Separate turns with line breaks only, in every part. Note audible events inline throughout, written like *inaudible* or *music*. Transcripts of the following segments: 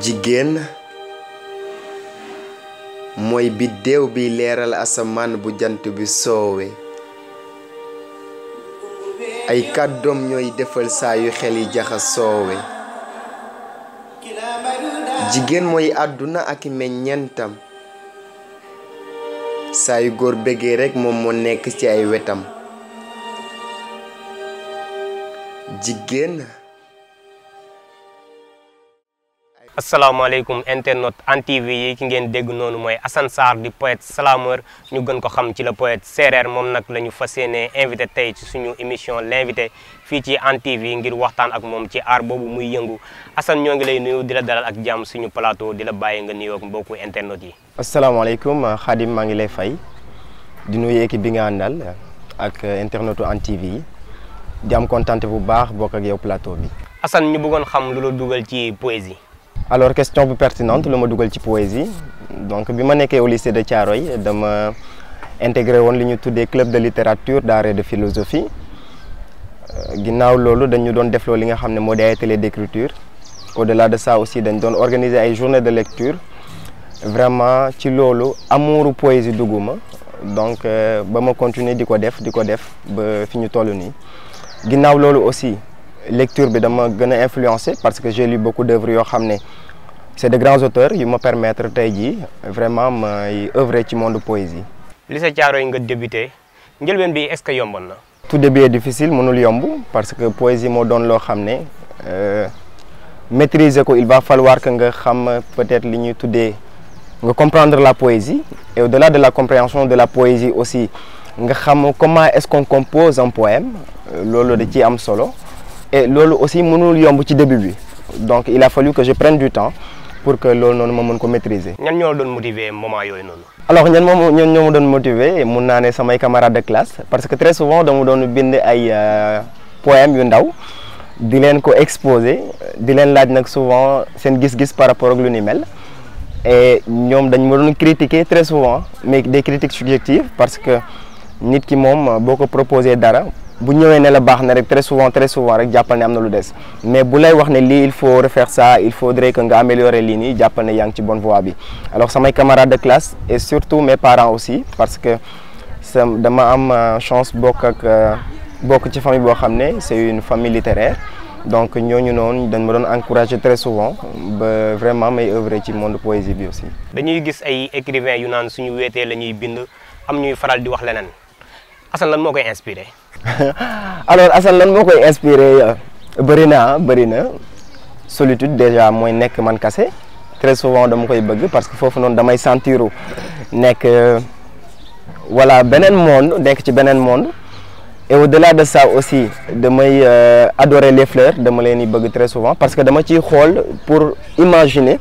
jigéen mooy biddéew bi leeral asamaan bu jant bi soowe ay kàddoom ñooy defal saa yu xel yi jaxa soowe jigéen mooy àdduna ak meññentam saa yu góor bëggee rekk moom moo nekk ci ay wetam jigéen
Assalamualaikum internet Antv TV yi ki ngeen deg nonu moy Assane sar di poète slammer ñu gën ko xam ci le poète séeréer mom nak lañu ñu invité tay ci suñu émission l'invité fi ci Hann TV ngir waxtaan ak mom ci art bobu muy yëngu Assane ñoo ngi lay nuyu dila dalal ak jàmm suñu plateau dila baye nga nuyu ak mbokku internet yi.
asalaamaaleykum Khadim ma ngi lay fay di nuyu ekip bi nga andal ak internet Hann TV yi di am bu baax bokk ak yow plateau bi.
Assane ñu bëggon xam lu lo duggal ci poésie.
alors question plus pertinente le mot de ci poésie donc je suis au lycée de je dama intégré au club de littérature d'art et de philosophie euh, ginnaaw lolu dañu doon lo li nga xamné ne d'écriture au-delà de ça aussi dañ doon organiser ay journées de lecture vraiment ci lolu amouru poésie duguma donc euh, bama continuer diko def diko def ba fiñu ñu toll nii aussi lecture bi dama gëna influencé parce que j'ai lu beaucoup d'œuvres yo xamné c'est de grands auteurs yu ma permettre tay ji vraiment ma œuvrer ci monde poésie.
lycée Thiaroye nga débuté njëlbeen bi est-ce que yomboon na.
tout début est difficile mënul yomb parce que poésie mo donne lo xamné euh, maîtriser ko il va falloir que nga xam peut-être li nga comprendre la poésie et au-delà de la compréhension de la poésie aussi nga xam comment est-ce qu'on compose un poème euh, lolo da ci am solo et loolu aussi mënul yomb ci début bi donc il a fallu que je prenne du temps pour que loolu non ma mën ko maîtriser.
ñan ñoo doon motiver moment yoy non.
alors ñan mom ñan ñoo ma doon motiver mun naa sama camarades de classe parce que très souvent dama doon bind ay euh, poèmes yu ndaw di len ko exposer di len laaj nak souvent sen gis-gis par rapport ak lu ni mel et ñom dañ ma doon critiquer très souvent mais des critiques subjectives parce que nit ki mom boko proposer dara bu ñëwee ne la baax rek très souvent très souvent rek Japonais ne lu des mais bu lay wax ne lii il faut refaire ça il faudrait que nga améliorer lii nii jàppal ne yaa ngi ci bonne voie bi alors mes camarades de classe et surtout mes parents aussi parce que sa dama am euh, chance beaucoup ak euh, bokk ci famille boo c'est une famille littéraire donc ñooñu noonu dañ ma doon encourager très souvent vraiment may œuvrer ci monde poésie bi aussi.
dañuy gis ay écrivains yu naan suñu weetee la ñuy bind am ñuy faral di wax leneen. Assane inspiré. *laughs*
alors Assane lan inspiré solitude déjà moi, nek man très souvent dama koy bëgg parce que je sentir damay sentirou nek euh, voilà monde monde. et au-delà de ça aussi suis euh, adorer les fleurs de les très souvent parce que dama ciy pour imaginer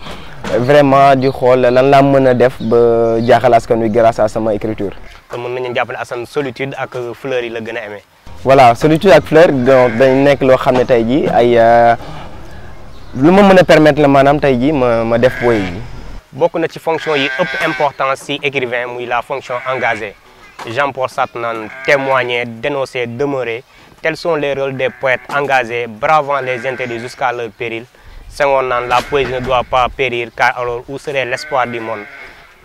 vraiment di xol lan la meuna def ba jaxal askan grâce à sama écriture.
te mën nañu que ne solitude ak fleur yi la gëna aimé.
voilà solitude ak fleur donc dañ nekk lo xamné ne ji ay euh, lu ma permettre la manam tay ji ma ma def yi.
na ci fonction yi ëpp importance ci écrivain muy la fonction engagée Jean-Paul Sartre témoigner dénoncer demeurer tels sont les rôles des poètes engagés bravant les intérêts jusqu'à leur péril la poésie ne doit pas périr car alors où serait l'espoir du monde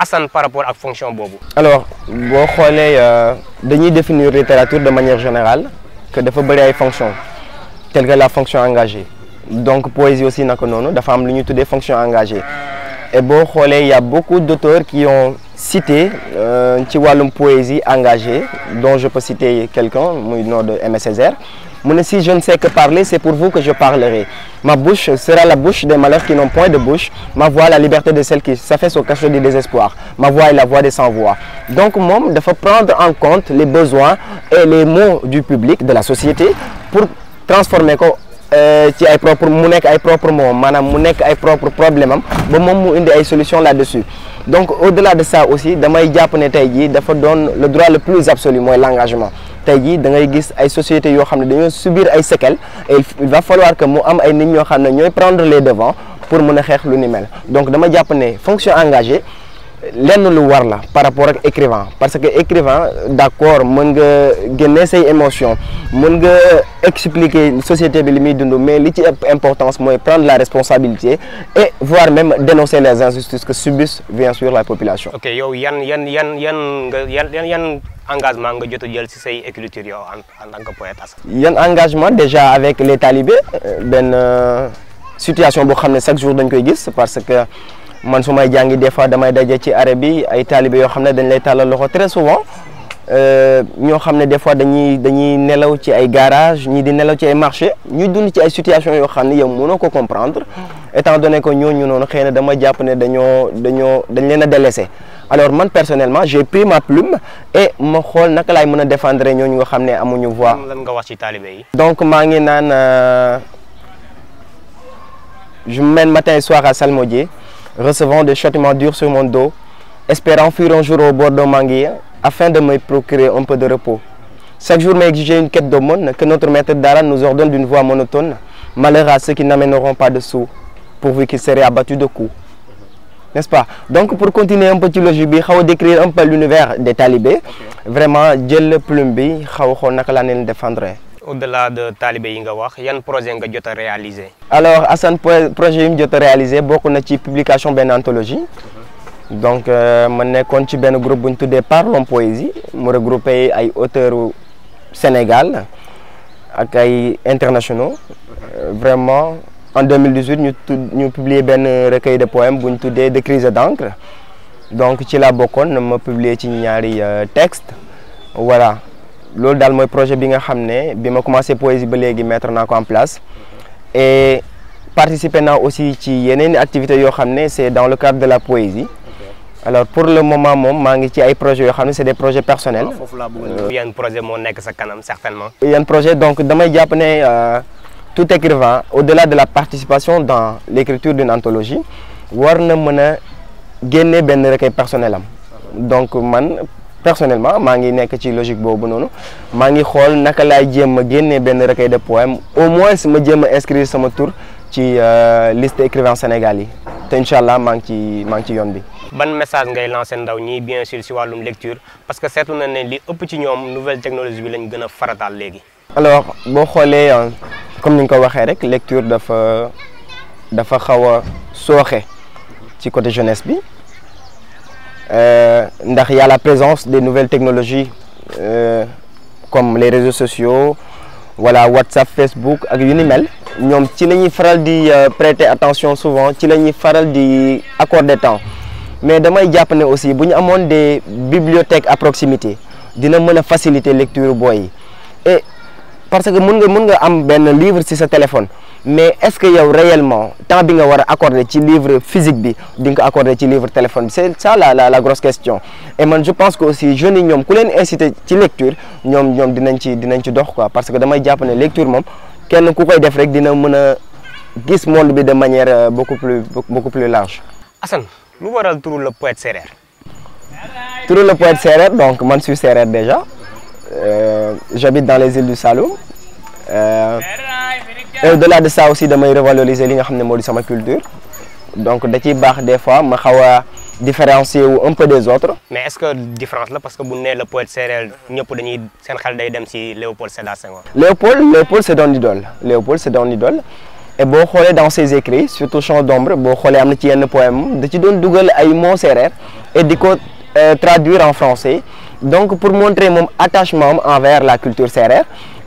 ça par rapport la fonction bobo.
alors si on euh, dañuy définir littérature de manière générale que de des fonctions telle que la fonction engagée donc la poésie aussi nous de dafa am lu fonction engagée et bon, il y a beaucoup d'auteurs qui ont cité une euh, poésie engagée dont je peux citer quelqu'un le nom de MSSR. « si je ne sais que parler c'est pour vous que je parlerai ma bouche sera la bouche des malheurs qui n'ont point de bouche ma voix la liberté de celle qui s'affaisse au cachot du désespoir ma voix est la voix des sans voix donc il faut prendre en compte les besoins et les mots du public de la société pour transformer euh, ci ay propre mu nek ay propre mom manam mu nek ay propre problème am ba mom mu indi ay solution là-dessus donc au-delà de ça aussi damay japp né tay ji dafa don le droit le plus absolu moy l'engagement tay ji da ngay gis ay sociétés yo xamné dañu subir ay séquelles et il va falloir que mu am ay nit ñoo xam prendre les devants pour mëna a xeex lu ni mel donc dama japp né fonction engagée lenn lu war la par rapport à écrivain parce que écrivain d'accord mën nga génne émotions, émotion mën nga expliquer société bi li muy dund mais li ci importance prendre la responsabilité et voire même dénoncer les injustices que subissent bien sûr la population.
ok yow yan yan yan yan nga yan engagement nga jot a jël ces say écriture en tant que poète
yan engagement déjà avec les talibés ben situation que xam chaque jour parce que man su may des fois damay dajé ci arrêt bi ay talibé yo xamné dañ lay talal loxo très souvent euh ño xamné des fois dañuy dañuy nelaw ci ay garage ñi di nelaw ci ay marché ñu dund ci ay situation yo xamné yow mëno ko comprendre étant donné que ñooñu ñu xëy xéena dama japp né daño daño dañ leena a délaissé alors man personnellement j'ai pris ma plume et ma xol nak lay mëna défendre ñooñu ñu xamné amuñu voix. lan
nga wax ci taalibe yi.
donc ma ngi naan euh, je mène matin et soir à Salmodier recevant des châtiments durs sur mon dos, espérant fuir un jour au bord d'un manguier afin de me procurer un peu de repos. Chaque jour m'exigeait une quête d'aumône que notre maître Dara nous ordonne d'une voix monotone. Malheur à ceux qui n'amèneront pas de sous, pourvu qu'ils seraient abattus de coups. N'est-ce pas Donc pour continuer un petit logique, je vais décrire un peu l'univers des talibés. Vraiment, Dieu le plume, je vais défendre
au-delà de talibé il y a un projet nga tu as réalisé.
alors Assane projet yi mu as réalisé c'est une publication d'anthologie. anthologie. donc je euh, suis ci un groupe bu ñu Parlons Poésie suis regroupé des auteurs Sénégal et internationaux. Euh, vraiment en 2018 nous avons publié publier recueil de poèmes bu ñu de crise d'encre donc je suis là, pour publier des textes. texte voilà loolu dal moy projet bi nga xamné bima bi commencer commencé poésie ba légui mettre en place et participer aussi ci yeneen activité yo xamné c'est est dans le cadre de la poésie alors pour le moment mom mangi ngi ci ay projets yo xamné c'est des projets personnels.
il y a un projet mo certainement sa kanam certainement.
un projet donc damay japp ne euh, tout écrivain au-delà de la participation dans l'écriture d'une anthologie warna na gagner ben génne benn recueil personnel donc man personnellement maa ngi nekk ci logique boobu noonu maa ngi xol naka laay jéem a ben benn recueil de poème au moins ma jéem a inscrire sama tour, ci euh, liste écrivain sénégalais yi te incha allah ngi ci maa ngi ci yone bi.
ban message ngay lancer ndaw ñi bien sûr ci walum lecture parce que seetlu na ne li ëpp ci ñom nouvelle technologie bi lañ gëna faratal légui
alors boo xoolee euh, comme ni nga ko rek lecture dafa dafa xawa soxé ci côté jeunesse bi. Il y a la présence des nouvelles technologies euh, comme les réseaux sociaux voilà WhatsApp Facebook ak nous email. mel ñoom ci euh, prêter attention souvent ci accorder de accorder temps mais damay jàpp aussi de des bibliothèques à proximité dina mën facilité lecture et parce que les gens ont livre sur sa téléphone mais est-ce que yow réellement temps bi nga wara accorder ci livre physique bi di accorder ci livre téléphone c'est ça la la la grosse question et man je pense que aussi jeune ñom ku leen inciter ci lecture ñom ñom dinañ ci dinañ ci dox quoi parce que damay japp né lecture mom kenn ku koy def rek dina mëna monde bi de manière euh, beaucoup plus beaucoup plus large.
Hassan lu waral turu le poète sérère
turu le poète sérère donc man suis sérère déjà euh, j'habite dans les îles du Saloum. Euh, au-delà de ça aussi je revaloriser ce que je sais culture donc je vais des fois différencier un peu des autres.
mais est-ce que différence parce que vous êtes le poète séeréer nous dañuy que xel day dem Léopold Sédar Senghor.
Léopold Léopold c'est un idole Léopold c'est un idole et on dans ses écrits surtout Chant d'ombre boo xoolee ci poème da ci et euh, traduire en français donc pour montrer mon attachement envers la culture séeréer.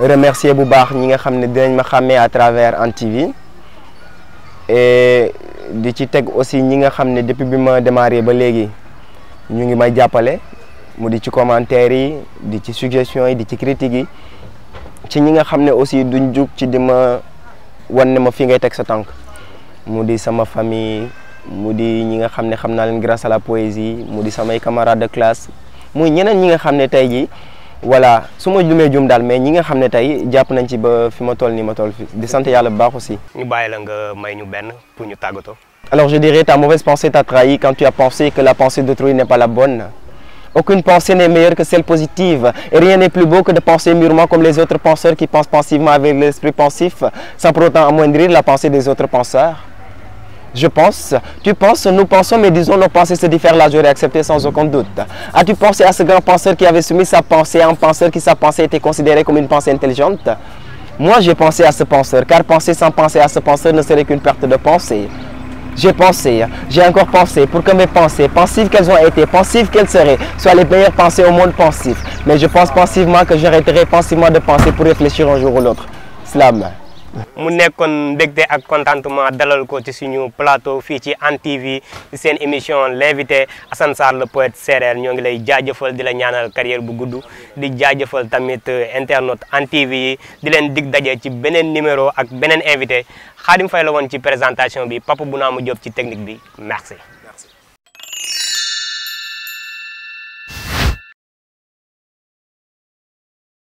remercier remercie ñi nga à travers Antivi et di ci aussi ñi nga depuis démarré ba légui ñu ngi may commentaires yi suggestions yi di critiques yi ci ñi nga aussi duñ à ci ma famille grâce à la poésie mu di camarades de classe ñeneen ñi nga voilà alors je dirais ta mauvaise pensée t'a trahi quand tu as pensé que la pensée d'autrui n'est pas la bonne. Aucune pensée n'est meilleure que celle positive. Et rien n'est plus beau que de penser mûrement comme les autres penseurs qui pensent pensivement avec l'esprit pensif, sans pour autant amoindrir la pensée des autres penseurs. Je pense, tu penses, nous pensons, mais disons nos pensées se diffèrent là, j'aurais accepté sans aucun doute. As-tu pensé à ce grand penseur qui avait soumis sa pensée à un penseur qui sa pensée était considérée comme une pensée intelligente Moi j'ai pensé à ce penseur, car penser sans penser à ce penseur ne serait qu'une perte de pensée. J'ai pensé, j'ai encore pensé pour que mes pensées, pensives qu'elles ont été, pensives qu'elles seraient, soient les meilleures pensées au monde pensif. Mais je pense pensivement que j'arrêterai pensivement de penser pour réfléchir un jour ou l'autre. Slam.
mu nekkoon mbégte ak contentement dalal ko ci suñu plateau fii ci Hann TV seen émission l'invité Assane Sarr le poète ñoo ngi lay jaajëfal di la ñaanal carrière bu gudd di jaajëfal tamit euh, internaute Hann TV di leen dig daje ci beneen numéro ak beneen invité Khadim fay la woon ci présentation bi bu naa Bounamou jot ci technique bi merci